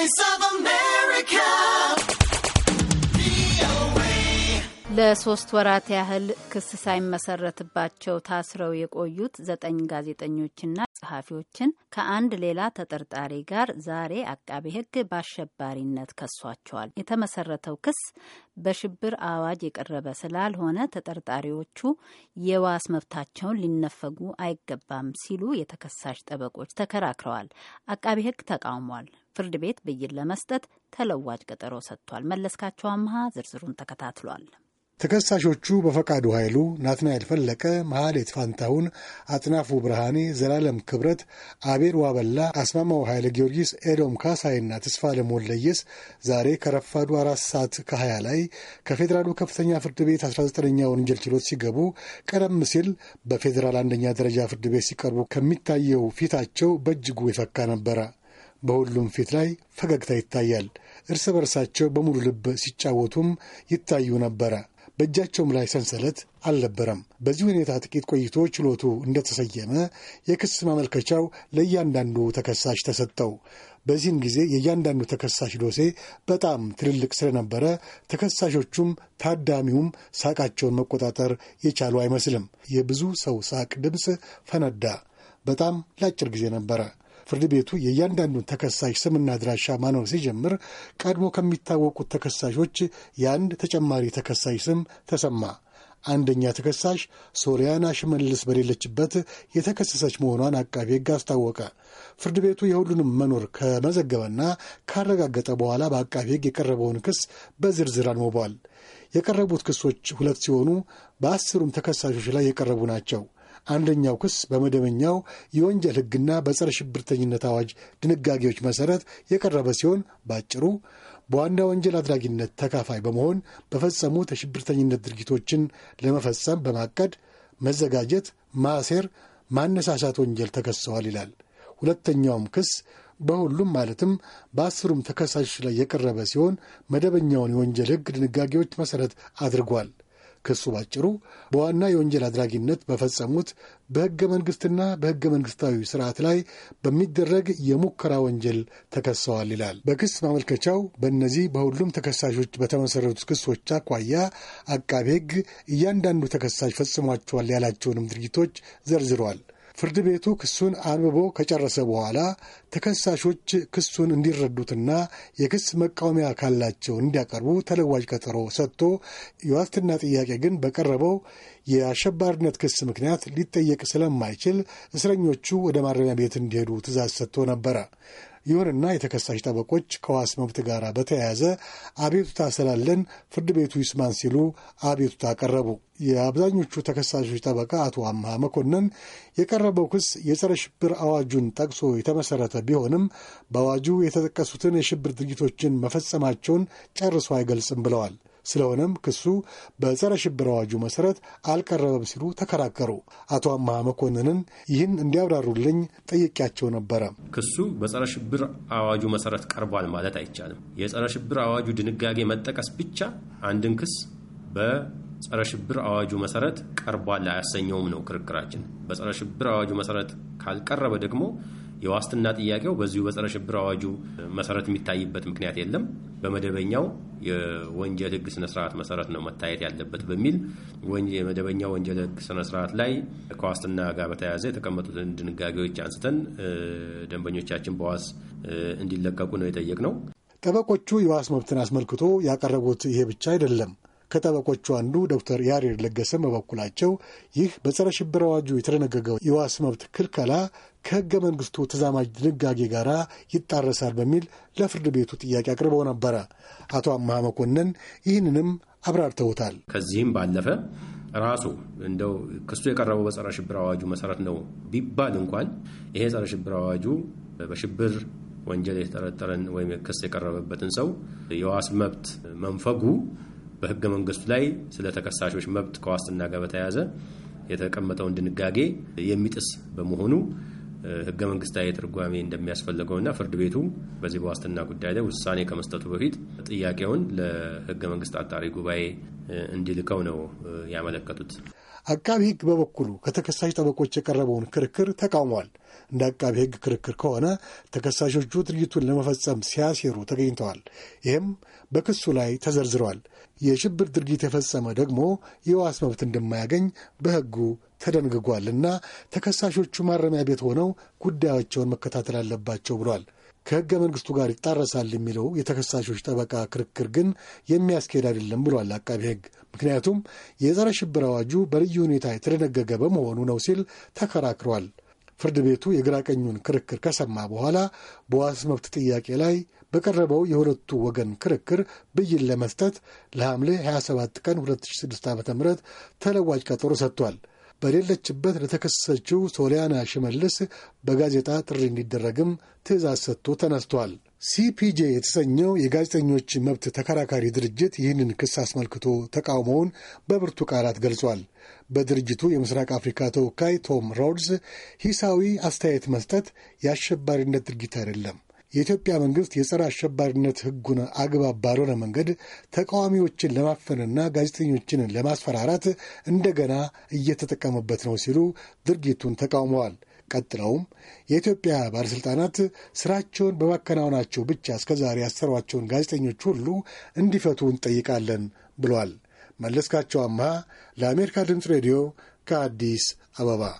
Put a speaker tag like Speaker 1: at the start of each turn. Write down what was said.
Speaker 1: Voice of ለሶስት ወራት ያህል ክስ ሳይመሰረትባቸው ታስረው የቆዩት ዘጠኝ ጋዜጠኞችና ጸሐፊዎችን ከአንድ ሌላ ተጠርጣሪ ጋር ዛሬ አቃቤ ሕግ በአሸባሪነት ከሷቸዋል። የተመሰረተው ክስ በሽብር አዋጅ የቀረበ ስላልሆነ ተጠርጣሪዎቹ የዋስ መብታቸውን ሊነፈጉ አይገባም ሲሉ የተከሳሽ ጠበቆች ተከራክረዋል። አቃቤ ሕግ ተቃውሟል። ፍርድ ቤት ብይን ለመስጠት ተለዋጭ ቀጠሮ ሰጥቷል። መለስካቸው አምሃ ዝርዝሩን ተከታትሏል።
Speaker 2: ተከሳሾቹ በፈቃዱ ኃይሉ፣ ናትናኤል ፈለቀ፣ መሐሌት ፋንታሁን፣ አጥናፉ ብርሃኔ፣ ዘላለም ክብረት፣ አቤል ዋበላ፣ አስማማው ኃይለ ጊዮርጊስ፣ ኤዶም ካሳይና ተስፋ ለሞለየስ ዛሬ ከረፋዱ አራት ሰዓት ከሀያ ላይ ከፌዴራሉ ከፍተኛ ፍርድ ቤት 19ኛ ወንጀል ችሎት ሲገቡ ቀደም ሲል በፌዴራል አንደኛ ደረጃ ፍርድ ቤት ሲቀርቡ ከሚታየው ፊታቸው በእጅጉ የፈካ ነበረ። በሁሉም ፊት ላይ ፈገግታ ይታያል። እርስ በርሳቸው በሙሉ ልብ ሲጫወቱም ይታዩ ነበረ። በእጃቸውም ላይ ሰንሰለት አልነበረም። በዚህ ሁኔታ ጥቂት ቆይቶ ችሎቱ እንደተሰየመ የክስ ማመልከቻው ለእያንዳንዱ ተከሳሽ ተሰጠው። በዚህም ጊዜ የእያንዳንዱ ተከሳሽ ዶሴ በጣም ትልልቅ ስለነበረ ተከሳሾቹም ታዳሚውም ሳቃቸውን መቆጣጠር የቻሉ አይመስልም። የብዙ ሰው ሳቅ ድምፅ ፈነዳ። በጣም ለአጭር ጊዜ ነበረ። ፍርድ ቤቱ የእያንዳንዱን ተከሳሽ ስምና አድራሻ ማኖር ሲጀምር ቀድሞ ከሚታወቁት ተከሳሾች የአንድ ተጨማሪ ተከሳሽ ስም ተሰማ። አንደኛ ተከሳሽ ሶሊያና ሽመልስ በሌለችበት የተከሰሰች መሆኗን አቃቤ ሕግ አስታወቀ። ፍርድ ቤቱ የሁሉንም መኖር ከመዘገበና ካረጋገጠ በኋላ በአቃቤ ሕግ የቀረበውን ክስ በዝርዝር አንብቧል። የቀረቡት ክሶች ሁለት ሲሆኑ በአስሩም ተከሳሾች ላይ የቀረቡ ናቸው። አንደኛው ክስ በመደበኛው የወንጀል ሕግና በጸረ ሽብርተኝነት አዋጅ ድንጋጌዎች መሠረት የቀረበ ሲሆን ባጭሩ በዋና ወንጀል አድራጊነት ተካፋይ በመሆን በፈጸሙት የሽብርተኝነት ድርጊቶችን ለመፈጸም በማቀድ መዘጋጀት፣ ማሴር፣ ማነሳሳት ወንጀል ተከሰዋል ይላል። ሁለተኛውም ክስ በሁሉም ማለትም በአስሩም ተከሳሾች ላይ የቀረበ ሲሆን መደበኛውን የወንጀል ሕግ ድንጋጌዎች መሠረት አድርጓል። ክሱ ባጭሩ በዋና የወንጀል አድራጊነት በፈጸሙት በሕገ መንግሥትና በሕገ መንግሥታዊ ስርዓት ላይ በሚደረግ የሙከራ ወንጀል ተከሰዋል ይላል። በክስ ማመልከቻው በእነዚህ በሁሉም ተከሳሾች በተመሠረቱት ክሶች አኳያ አቃቤ ሕግ እያንዳንዱ ተከሳሽ ፈጽሟቸዋል ያላቸውንም ድርጊቶች ዘርዝሯል። ፍርድ ቤቱ ክሱን አንብቦ ከጨረሰ በኋላ ተከሳሾች ክሱን እንዲረዱትና የክስ መቃወሚያ ካላቸው እንዲያቀርቡ ተለዋጅ ቀጠሮ ሰጥቶ የዋስትና ጥያቄ ግን በቀረበው የአሸባሪነት ክስ ምክንያት ሊጠየቅ ስለማይችል እስረኞቹ ወደ ማረሚያ ቤት እንዲሄዱ ትእዛዝ ሰጥቶ ነበረ። ይሁንና የተከሳሽ ጠበቆች ከዋስ መብት ጋር በተያያዘ አቤቱታ ስላለን ፍርድ ቤቱ ይስማን ሲሉ አቤቱታ ቀረቡ። የአብዛኞቹ ተከሳሾች ጠበቃ አቶ አምሃ መኮንን የቀረበው ክስ የጸረ ሽብር አዋጁን ጠቅሶ የተመሰረተ ቢሆንም በአዋጁ የተጠቀሱትን የሽብር ድርጊቶችን መፈጸማቸውን ጨርሶ አይገልጽም ብለዋል። ስለሆነም ክሱ በጸረ ሽብር አዋጁ መሰረት አልቀረበም ሲሉ ተከራከሩ። አቶ አምሃ መኮንንን ይህን እንዲያብራሩልኝ ጠየቂያቸው ነበረ።
Speaker 1: ክሱ በጸረ ሽብር አዋጁ መሰረት ቀርቧል ማለት አይቻልም። የጸረ ሽብር አዋጁ ድንጋጌ መጠቀስ ብቻ አንድን ክስ በጸረ ሽብር አዋጁ መሰረት ቀርቧል አያሰኘውም ነው ክርክራችን። በጸረ ሽብር አዋጁ መሰረት ካልቀረበ ደግሞ የዋስትና ጥያቄው በዚሁ በጸረ ሽብር አዋጁ መሰረት የሚታይበት ምክንያት የለም፣ በመደበኛው የወንጀል ህግ ስነስርዓት መሰረት ነው መታየት ያለበት በሚል የመደበኛ ወንጀል ህግ ስነስርዓት ላይ ከዋስትና ጋር በተያያዘ የተቀመጡትን ድንጋጌዎች አንስተን ደንበኞቻችን በዋስ እንዲለቀቁ ነው የጠየቅነው።
Speaker 2: ጠበቆቹ የዋስ መብትን አስመልክቶ ያቀረቡት ይሄ ብቻ አይደለም። ከጠበቆቹ አንዱ ዶክተር ያሬድ ለገሰ በበኩላቸው ይህ በጸረ ሽብር አዋጁ የተደነገገው የዋስ መብት ክልከላ ከህገ መንግስቱ ተዛማጅ ድንጋጌ ጋር ይጣረሳል በሚል ለፍርድ ቤቱ ጥያቄ አቅርበው ነበረ። አቶ አምሃ መኮንን ይህንንም አብራርተውታል።
Speaker 1: ከዚህም ባለፈ ራሱ እንደው ክሱ የቀረበው በጸረ ሽብር አዋጁ መሰረት ነው ቢባል እንኳን ይሄ ጸረ ሽብር አዋጁ በሽብር ወንጀል የተጠረጠረን ወይም ክስ የቀረበበትን ሰው የዋስ መብት መንፈጉ በህገ መንግስቱ ላይ ስለ ተከሳሾች መብት ከዋስትና ጋር በተያያዘ የተቀመጠውን ድንጋጌ የሚጥስ በመሆኑ ህገ መንግስታዊ ትርጓሜ እንደሚያስፈልገውና ፍርድ ቤቱ በዚህ በዋስትና ጉዳይ ላይ ውሳኔ ከመስጠቱ በፊት ጥያቄውን ለህገ መንግስት አጣሪ ጉባኤ እንዲልከው ነው ያመለከቱት።
Speaker 2: አቃቢ ሕግ በበኩሉ ከተከሳሽ ጠበቆች የቀረበውን ክርክር ተቃውሟል። እንደ አቃቢ ሕግ ክርክር ከሆነ ተከሳሾቹ ድርጊቱን ለመፈጸም ሲያሴሩ ተገኝተዋል። ይህም በክሱ ላይ ተዘርዝሯል። የሽብር ድርጊት የፈጸመ ደግሞ የዋስ መብት እንደማያገኝ በሕጉ ተደንግጓልና ተከሳሾቹ ማረሚያ ቤት ሆነው ጉዳያቸውን መከታተል አለባቸው ብሏል። ከህገ መንግስቱ ጋር ይጣረሳል የሚለው የተከሳሾች ጠበቃ ክርክር ግን የሚያስኬድ አይደለም ብሏል አቃቢ ህግ። ምክንያቱም የጸረ ሽብር አዋጁ በልዩ ሁኔታ የተደነገገ በመሆኑ ነው ሲል ተከራክሯል። ፍርድ ቤቱ የግራ ቀኙን ክርክር ከሰማ በኋላ በዋስ መብት ጥያቄ ላይ በቀረበው የሁለቱ ወገን ክርክር ብይን ለመስጠት ለሐምሌ 27 ቀን 2006 ዓ ም ተለዋጭ ቀጠሮ ሰጥቷል። በሌለችበት ለተከሰሰችው ሶሊያና ሽመልስ በጋዜጣ ጥሪ እንዲደረግም ትዕዛዝ ሰጥቶ ተነስቷል። ሲፒጄ የተሰኘው የጋዜጠኞች መብት ተከራካሪ ድርጅት ይህንን ክስ አስመልክቶ ተቃውሞውን በብርቱ ቃላት ገልጿል። በድርጅቱ የምስራቅ አፍሪካ ተወካይ ቶም ሮድስ ሂሳዊ አስተያየት መስጠት የአሸባሪነት ድርጊት አይደለም የኢትዮጵያ መንግስት የጸረ አሸባሪነት ህጉን አግባብ ባልሆነ መንገድ ተቃዋሚዎችን ለማፈንና ጋዜጠኞችን ለማስፈራራት እንደገና እየተጠቀመበት ነው ሲሉ ድርጊቱን ተቃውመዋል። ቀጥለውም የኢትዮጵያ ባለሥልጣናት ሥራቸውን በማከናወናቸው ብቻ እስከዛሬ ያሰሯቸውን ጋዜጠኞች ሁሉ እንዲፈቱ እንጠይቃለን ብሏል። መለስካቸው አምሃ ለአሜሪካ ድምፅ ሬዲዮ ከአዲስ አበባ